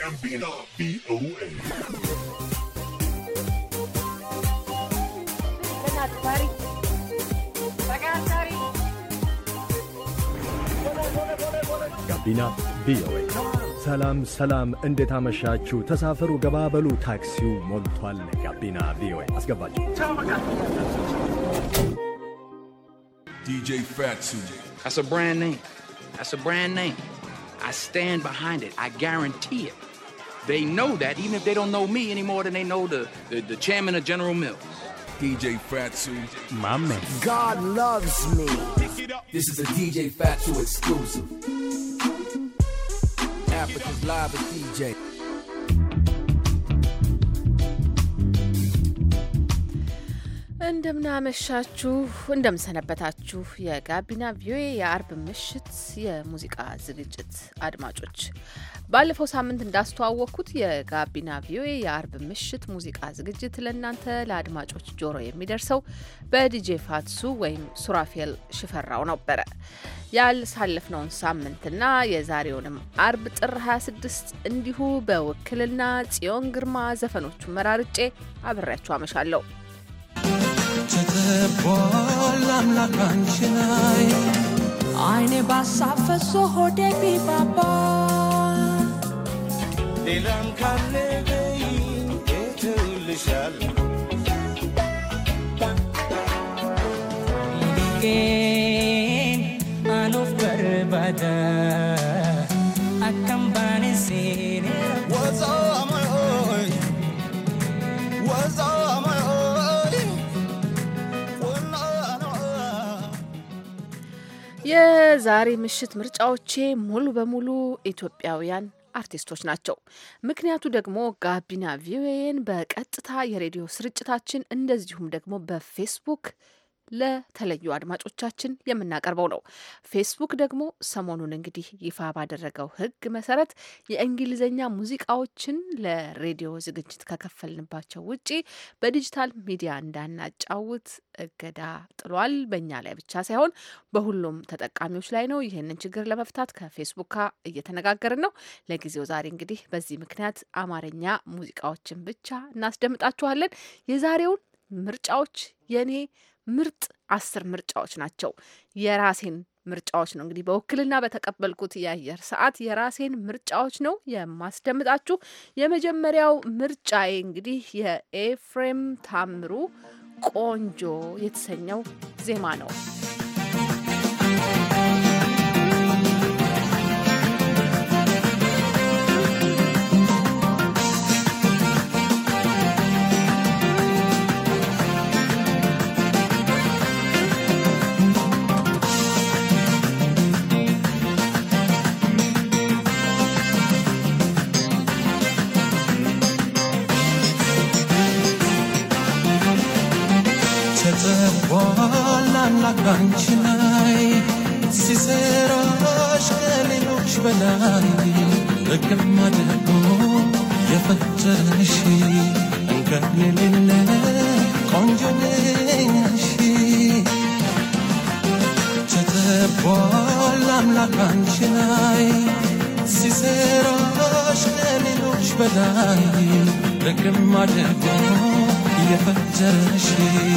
ጋቢና ቪኦኤ ጋቢና ቪኦኤ። ሰላም ሰላም፣ እንዴት አመሻችሁ? ተሳፈሩ፣ ገባበሉ፣ ታክሲው ሞልቷል። ጋቢና ቪኦኤ አስገባችሁ። DJ Fatsu. That's a brand name. That's a brand name. I stand behind it. I guarantee it. They know that, even if they don't know me any more than they know the, the, the chairman of General Mills. DJ Fatsu, my man. God loves me. This is a DJ Fatsu exclusive. Africa's live with DJ. እንደምናመሻችሁ እንደምንሰነበታችሁ የጋቢና ቪዮኤ የአርብ ምሽት የሙዚቃ ዝግጅት አድማጮች፣ ባለፈው ሳምንት እንዳስተዋወቅኩት የጋቢና ቪዮኤ የአርብ ምሽት ሙዚቃ ዝግጅት ለእናንተ ለአድማጮች ጆሮ የሚደርሰው በዲጄ ፋትሱ ወይም ሱራፌል ሽፈራው ነበረ። ያሳለፍነውን ሳምንትና የዛሬውንም አርብ ጥር 26 እንዲሁ በውክልና ጽዮን ግርማ ዘፈኖቹ መራርጬ አብሬያችሁ አመሻለሁ። ተጠቧል አምላክ አንቺ ላይ አይኔ ባሳፈሶ ሆዴ ቢባባ ሌላም ካለ በይ ትውልሻለሁ ጌን አኖፍ በርባዳ የዛሬ ምሽት ምርጫዎቼ ሙሉ በሙሉ ኢትዮጵያውያን አርቲስቶች ናቸው። ምክንያቱ ደግሞ ጋቢና ቪኦኤን በቀጥታ የሬዲዮ ስርጭታችን እንደዚሁም ደግሞ በፌስቡክ ለተለዩ አድማጮቻችን የምናቀርበው ነው። ፌስቡክ ደግሞ ሰሞኑን እንግዲህ ይፋ ባደረገው ሕግ መሰረት የእንግሊዝኛ ሙዚቃዎችን ለሬዲዮ ዝግጅት ከከፈልንባቸው ውጪ በዲጂታል ሚዲያ እንዳናጫውት እገዳ ጥሏል። በእኛ ላይ ብቻ ሳይሆን በሁሉም ተጠቃሚዎች ላይ ነው። ይህንን ችግር ለመፍታት ከፌስቡክ ጋር እየተነጋገርን ነው። ለጊዜው ዛሬ እንግዲህ በዚህ ምክንያት አማርኛ ሙዚቃዎችን ብቻ እናስደምጣችኋለን። የዛሬውን ምርጫዎች የኔ ምርጥ አስር ምርጫዎች ናቸው። የራሴን ምርጫዎች ነው እንግዲህ በውክልና በተቀበልኩት የአየር ሰዓት የራሴን ምርጫዎች ነው የማስደምጣችሁ። የመጀመሪያው ምርጫዬ እንግዲህ የኤፍሬም ታምሩ ቆንጆ የተሰኘው ዜማ ነው። با لام نخانچه نایی سی سه راشت نلوش بلایی یه فتر نشید انگر نیلی نه چه ده با لام نخانچه نایی سی سه راشت یه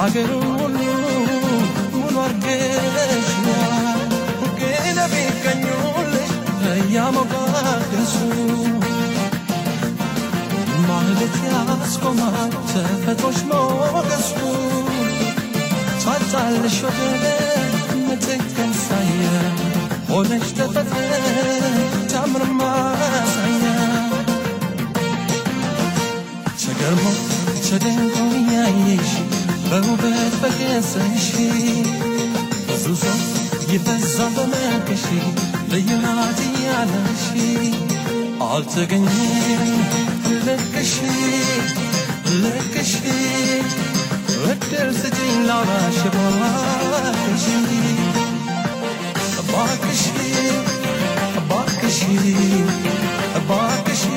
ሀገሩ ሁሉ ሙሉ አርጌሽኛል ሁጌነ ቢገኙል ለያሞጋገሱ ማለት ያስቆማል ተፈጥሮሽ ሞገሱ ሳጣልሽ ወገነ ምትክን ሳየ ሆነሽ ተፈጥረ ታምር ማሳያ ተገርሞ ተደንቆ ያየሽ بوابات بكاسة شي زوزة يفزع بمالك شي ليناتي على شي عالتقني لك شي لك شي الدرس دين العراش باك شي باك شي باك شي باك شي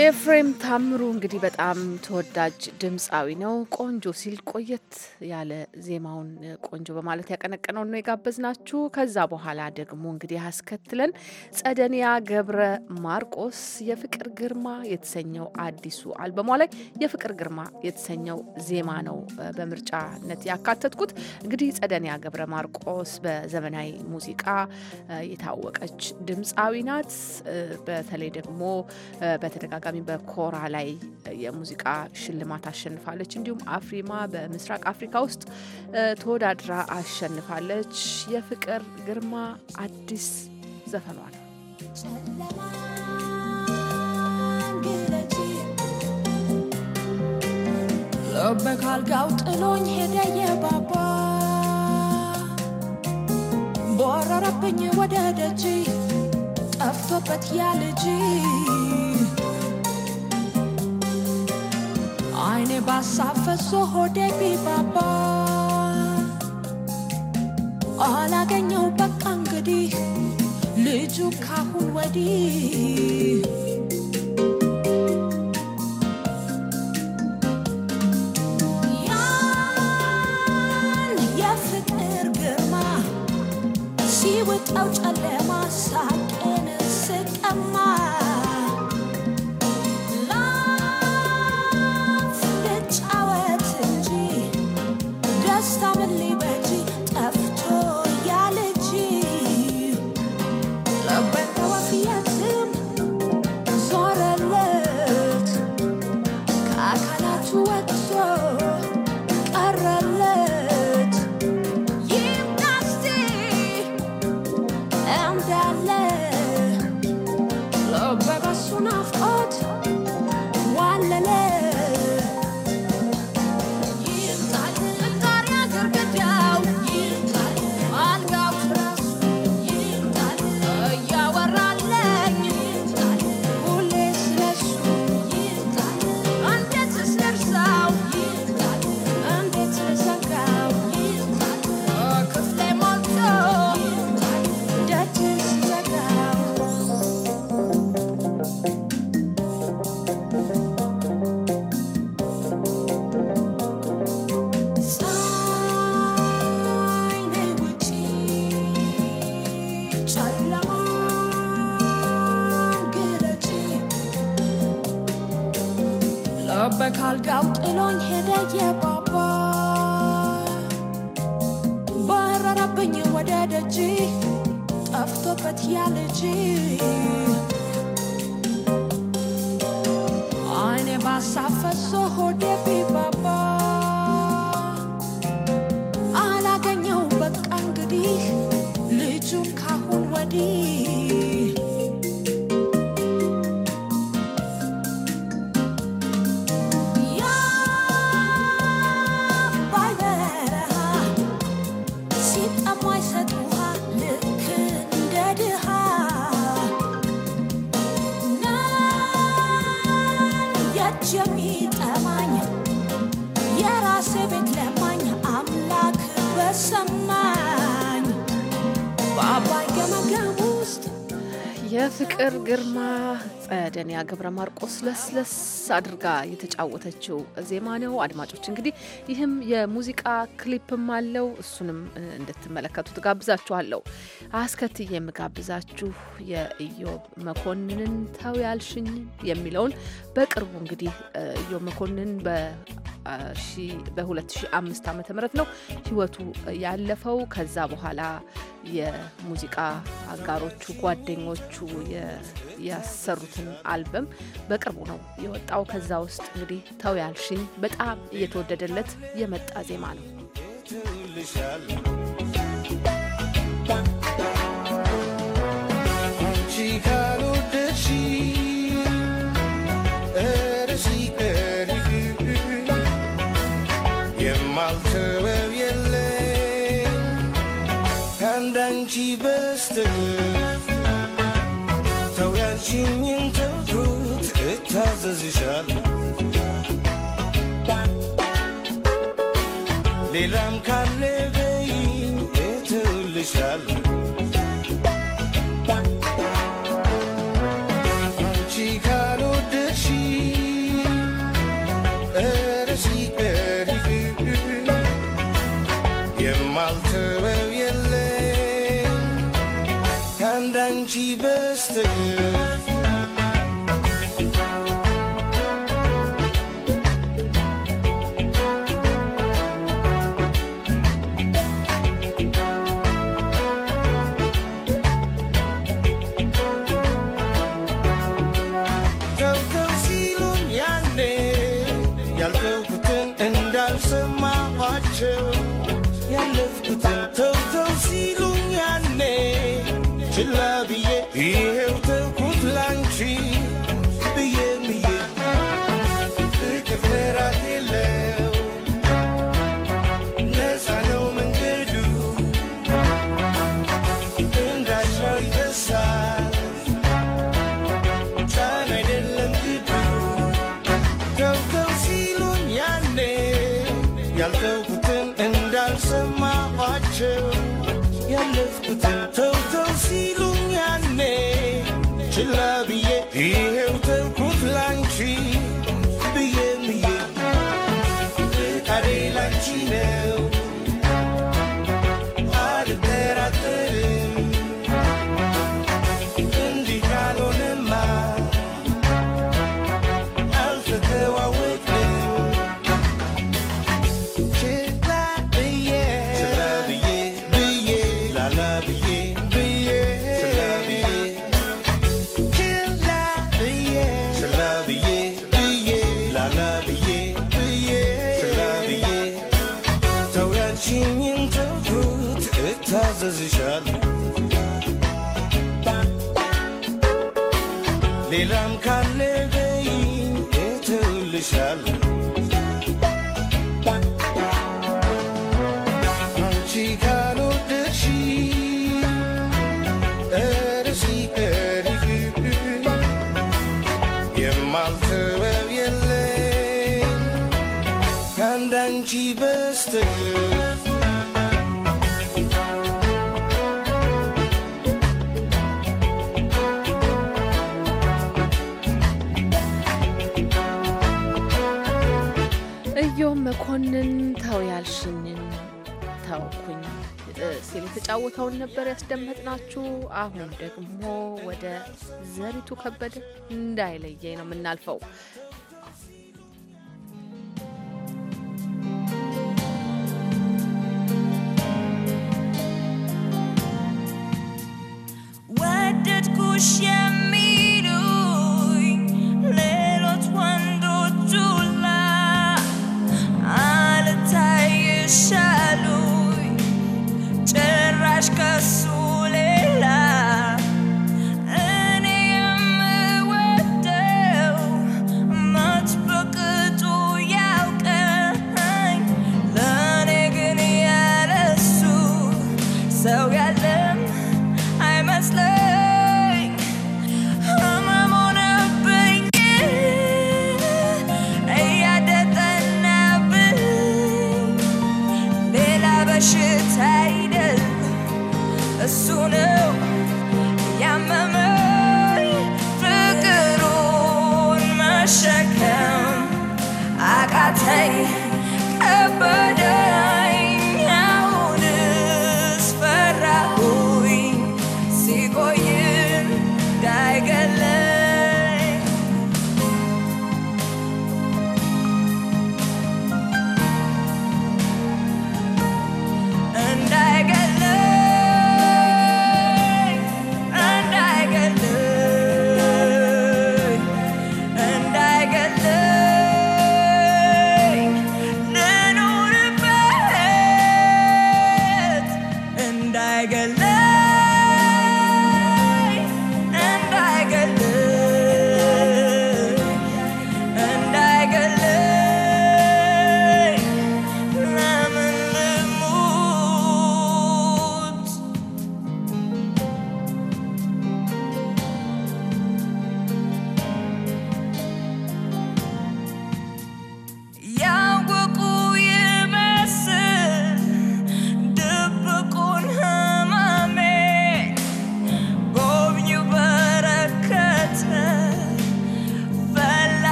ኤፍሬም ታምሩ እንግዲህ በጣም ተወዳጅ ድምፃዊ ነው። ቆንጆ ሲል ቆየት ያለ ዜማውን ቆንጆ በማለት ያቀነቀነው ነው የጋበዝናችሁ። ከዛ በኋላ ደግሞ እንግዲህ ያስከትለን ጸደንያ ገብረ ማርቆስ የፍቅር ግርማ የተሰኘው አዲሱ አልበሟ ላይ የፍቅር ግርማ የተሰኘው ዜማ ነው በምርጫነት ያካተትኩት። እንግዲህ ጸደንያ ገብረ ማርቆስ በዘመናዊ ሙዚቃ የታወቀች ድምፃዊ ናት። በተለይ ደግሞ በተደጋ በተደጋጋሚ በኮራ ላይ የሙዚቃ ሽልማት አሸንፋለች። እንዲሁም አፍሪማ በምስራቅ አፍሪካ ውስጥ ተወዳድራ አሸንፋለች። የፍቅር ግርማ አዲስ ዘፈኗ ነው። ልቤ ካልጋው ጥሎኝ ሄደ የባባ ቦረረብኝ ወደ ደጅ ጠፍቶበት ያ ልጅ አይኔ ባሳፈሶ ሆዴ ቢባባ አላገኘው በቃ እንግዲህ ልጁ ካሁን ወዲህ ቢገንያ ገብረ ማርቆስ ለስለስ አድርጋ የተጫወተችው ዜማ ነው። አድማጮች እንግዲህ ይህም የሙዚቃ ክሊፕም አለው። እሱንም እንድትመለከቱ ትጋብዛችኋለሁ። አስከትዬ የምጋብዛችሁ የኢዮብ መኮንንን ተው ያልሽኝ የሚለውን በቅርቡ እንግዲህ ኢዮብ መኮንን በ በ2005 ዓ ም ነው ህይወቱ ያለፈው። ከዛ በኋላ የሙዚቃ አጋሮቹ፣ ጓደኞቹ ያሰሩትን አልበም በቅርቡ ነው የወጣው። ከዛ ውስጥ እንግዲህ ተው ያልሽኝ በጣም እየተወደደለት የመጣ ዜማ ነው። очень им труд, это зазычат. ሌላም ካለ በይኝ እትውልሻል አንቺ ካልወደድሽ እረሺ ቀሪፍ የማልተወው የለም ከአንዳንቺ በስተቀር ያለፍኩትን ተውተው ሲሉኝ ያኔ ችላ ብዬ ይሄው ያልኩት እታዘዝሻል ሌላም ካለ በይኝ እትውልሻል ሲል የተጫወተውን ነበር ያስደመጥናችሁ። አሁን ደግሞ ወደ ዘሪቱ ከበደ እንዳይለየኝ ነው የምናልፈው።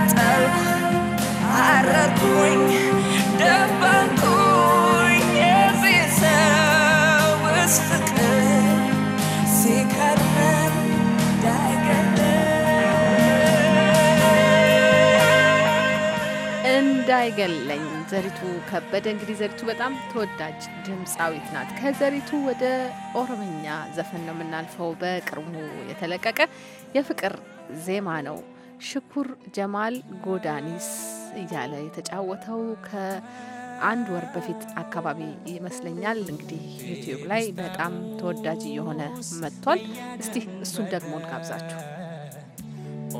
ተቃጠልኩ፣ የዚህ ፍቅር እንዳይገለኝ ዘሪቱ ከበደ። እንግዲህ ዘሪቱ በጣም ተወዳጅ ድምፃዊት ናት። ከዘሪቱ ወደ ኦሮምኛ ዘፈን ነው የምናልፈው። በቅርቡ የተለቀቀ የፍቅር ዜማ ነው። ሽኩር ጀማል ጎዳኒስ እያለ የተጫወተው ከአንድ ወር በፊት አካባቢ ይመስለኛል። እንግዲህ ዩቲዩብ ላይ በጣም ተወዳጅ እየሆነ መጥቷል። እስቲ እሱን ደግሞ እንጋብዛችሁ።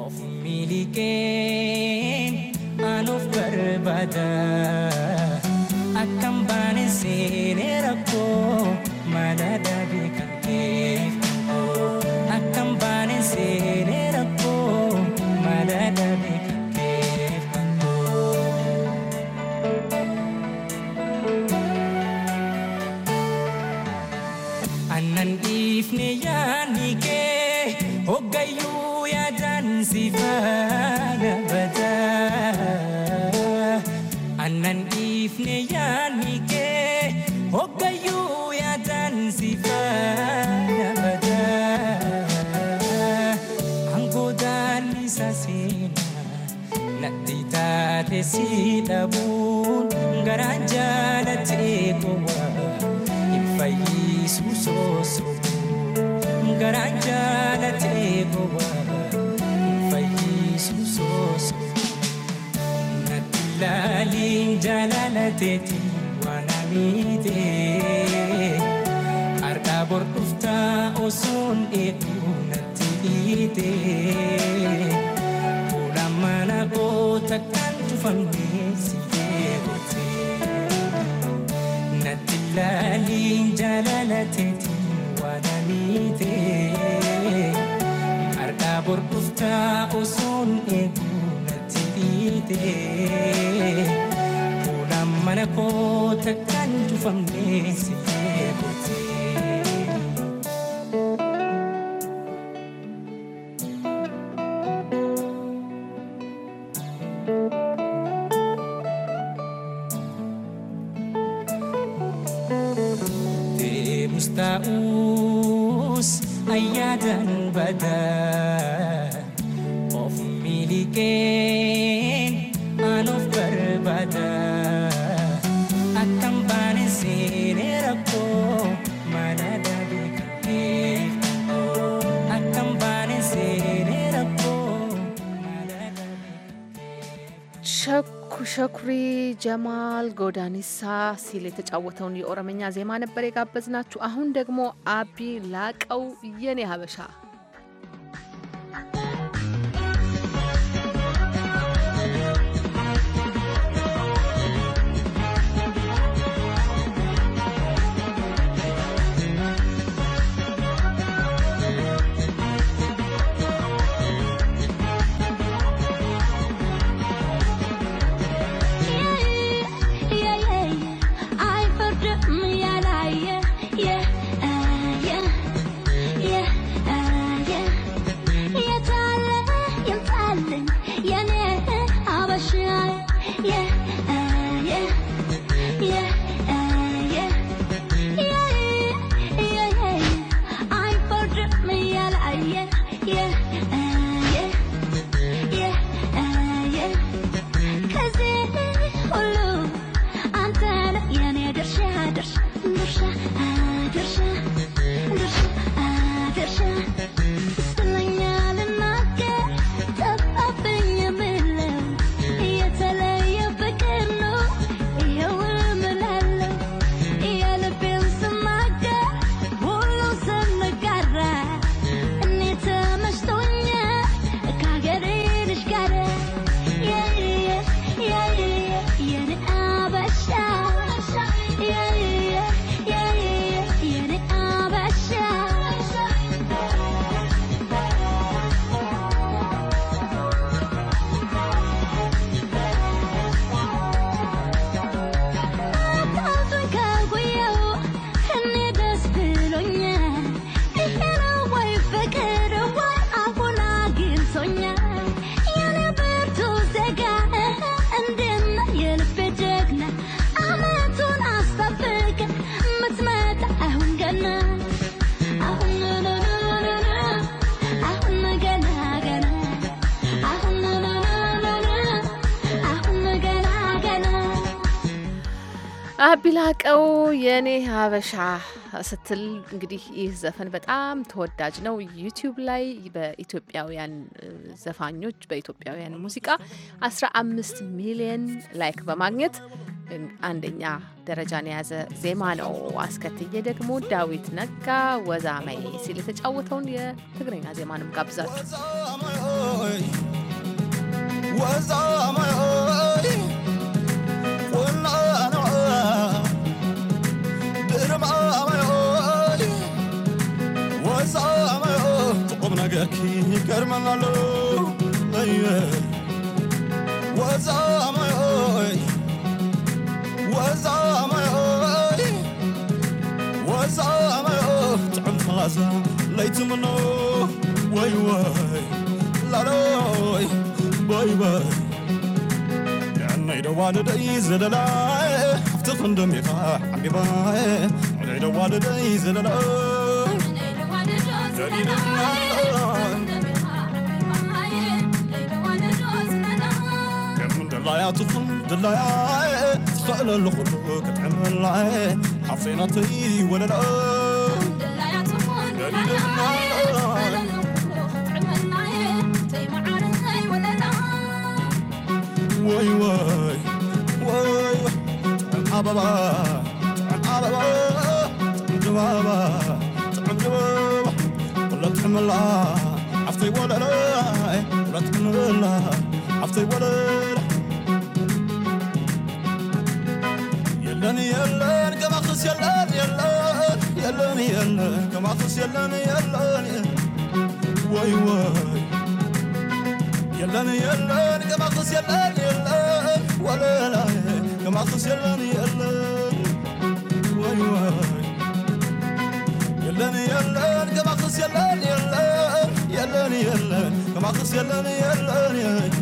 of Milligan and of Barbada. I osuun hedduu natti dhiitee fuula mana koota kan natti ilaaliin mana koota kan cufamne ሸኩሪ ጀማል ጎዳኒሳ ሲል የተጫወተውን የኦሮምኛ ዜማ ነበር የጋበዝናችሁ። አሁን ደግሞ አቢ ላቀው የኔ ሀበሻ ላቀው የኔ ሀበሻ ስትል እንግዲህ ይህ ዘፈን በጣም ተወዳጅ ነው። ዩቲዩብ ላይ በኢትዮጵያውያን ዘፋኞች በኢትዮጵያውያን ሙዚቃ 15 ሚሊየን ላይክ በማግኘት አንደኛ ደረጃን የያዘ ዜማ ነው። አስከትዬ ደግሞ ዳዊት ነጋ ወዛመይ ሲል የተጫወተውን የትግርኛ ዜማንም ጋብዛችሁ laytumno way way laroy bay bay عندنا والدي زلالا حفتق ندمي حبي باي عندنا والدي زلالا عندنا والدي زلالا دلايا تخم دلايا تخلى الخلوك تعمل حفينتي ولا لا واي واي واي الحبابة الحبابة جبابة تعم جبابة ولا تحمل عفتي ولا لا ولا تحمل عفتي ولا لا يلان يلان كما خس يلان يلان يلاني يلا يا معطوس يلاني يلاني واي واي يلاني يلاني يا معطوس يلاني يلاني ولا لا يا معطوس يلاني يلاني واي واي يلاني يلاني يا معطوس يلاني يلاني يلاني يلاني يا معطوس يلاني يلاني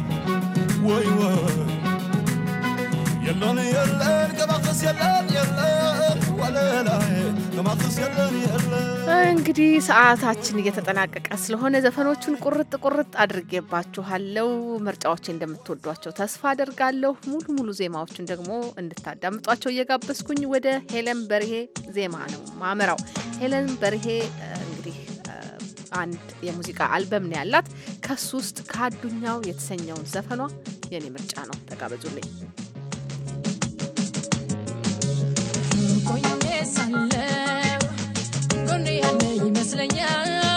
እንግዲህ ሰዓታችን እየተጠናቀቀ ስለሆነ ዘፈኖቹን ቁርጥ ቁርጥ አድርጌባችኋለው። ምርጫዎች እንደምትወዷቸው ተስፋ አደርጋለሁ። ሙሉ ሙሉ ዜማዎቹን ደግሞ እንድታዳምጧቸው እየጋበዝኩኝ ወደ ሄለን በርሄ ዜማ ነው ማምራው። ሄለን በርሄ እንግዲህ አንድ የሙዚቃ አልበም ነው ያላት። ከሱ ውስጥ ከአዱኛው የተሰኘውን ዘፈኗ የኔ ምርጫ ነው። ተጋበዙልኝ። y me has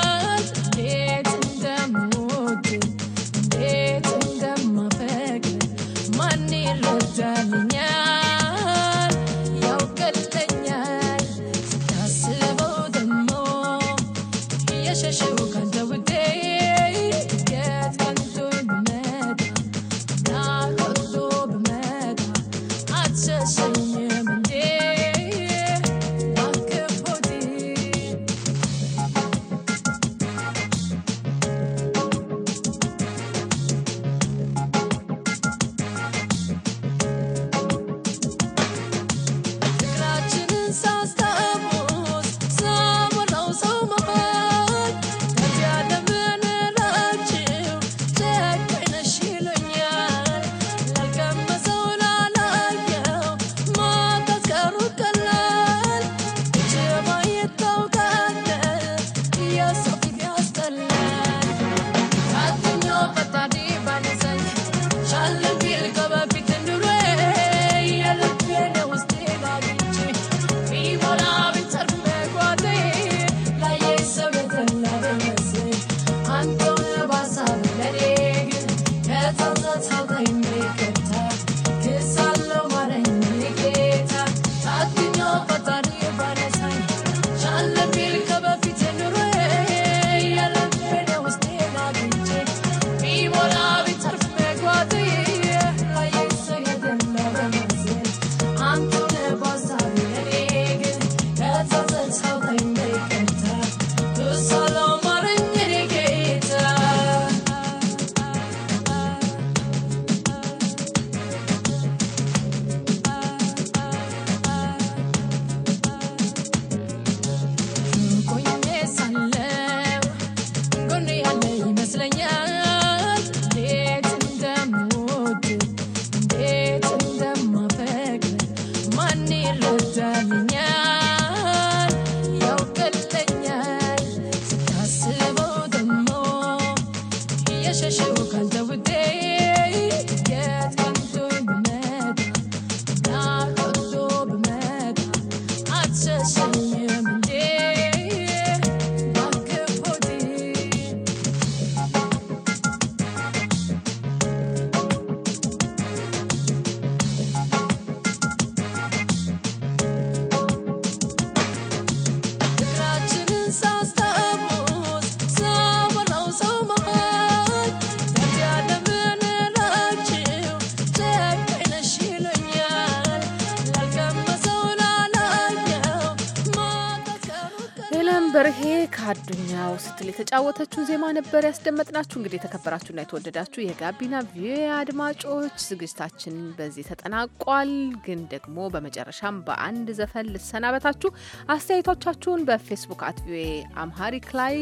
他找我他。የዕለቱን ዜማ ነበር ያስደመጥናችሁ። እንግዲህ የተከበራችሁና የተወደዳችሁ የጋቢና ቪኦኤ አድማጮች ዝግጅታችን በዚህ ተጠናቋል። ግን ደግሞ በመጨረሻም በአንድ ዘፈን ልሰናበታችሁ። አስተያየቶቻችሁን በፌስቡክ አት ቪኦኤ አምሃሪክ ላይ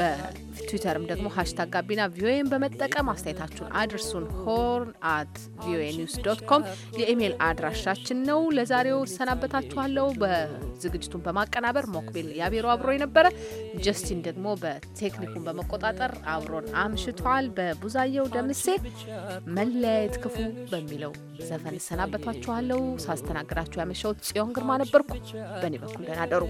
በትዊተርም ደግሞ ሀሽታግ ጋቢና ቪኦኤን በመጠቀም አስተያየታችሁን አድርሱን። ሆርን አት ቪኦኤ ኒውስ ዶት ኮም የኢሜይል አድራሻችን ነው። ለዛሬው እሰናበታችኋለሁ። በዝግጅቱን በማቀናበር ሞክቤል ያቤሮ አብሮ የነበረ ጀስቲን ደግሞ በቴክኒኩን በመቆጣጠር አብሮን አምሽቷል። በቡዛየው ደምሴ መለያየት ክፉ በሚለው ዘፈን እሰናበታችኋለሁ። ሳስተናግዳችሁ ያመሸሁት ጽዮን ግርማ ነበርኩ። በእኔ በኩል ደህና አደሩ።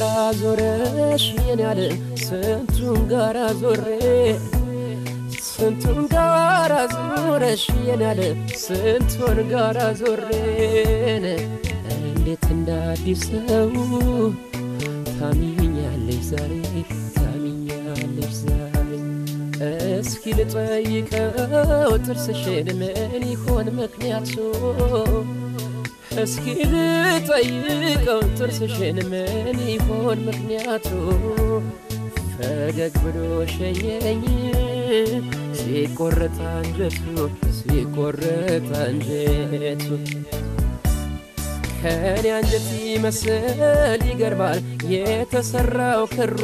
ጋራ ዞረሽ የኔ ያለ ስንቱን ጋራ ዞሬ ስንቱን ጋራ ዞረሽ የኔ ያለ ስንቱን ጋራ ዞሬን እንዴት እንደ አዲስ ሰው ታሚኛለሽ ዛሬ ታሚኛለሽ ዛሬ እስኪ ልጠይቀው ጥርስሽን ምን ይሆን ምክንያቱ እስኪ ልጠይቀው ጥርስሽን ምን ይሆን ምክንያቱ? ፈገግ ብሎ ሸኘኝ ሲቆረጥ አንጀቱ ሲቆረጥ አንጀቱ ከኔ አንጀት ይመስል ይገርማል የተሰራው ክሩ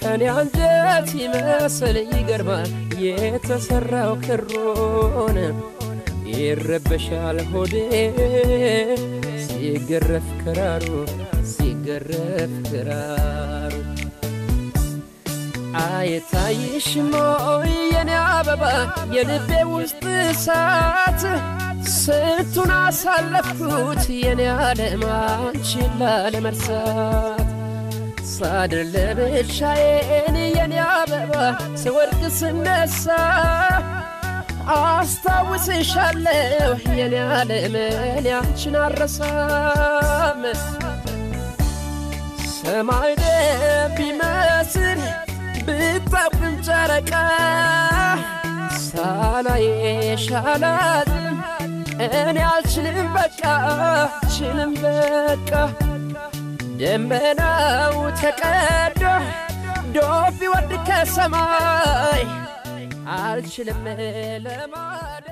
ከኔ አንጀት ይመስል ይገርማል የተሰራው ክሩን ይረበሻል ሆዴ ሲገረፍ ክራሩ ሲገረፍ ክራሩ ሞይ የኔ አበባ የልቤ ውስጥ እሳት ስንቱን አሳለፍኩት የኔ ዓለም አንቺን ላለመርሳት ሳድር ለብቻዬን የኔ አበባ ስወድቅ ስነሳ አስታውስሻለሁ የኔ ዓለም እኔ አንቺን አረሳም ሰማይ ቢመስል ብታብም ጨረቃ ሳላየሽ አላዝንም እኔ አልችልም በቃ አልችልም በቃ ደመናው ተቀዶ ዶፍ ይወርድ ከሰማይ አልችልም ለማለት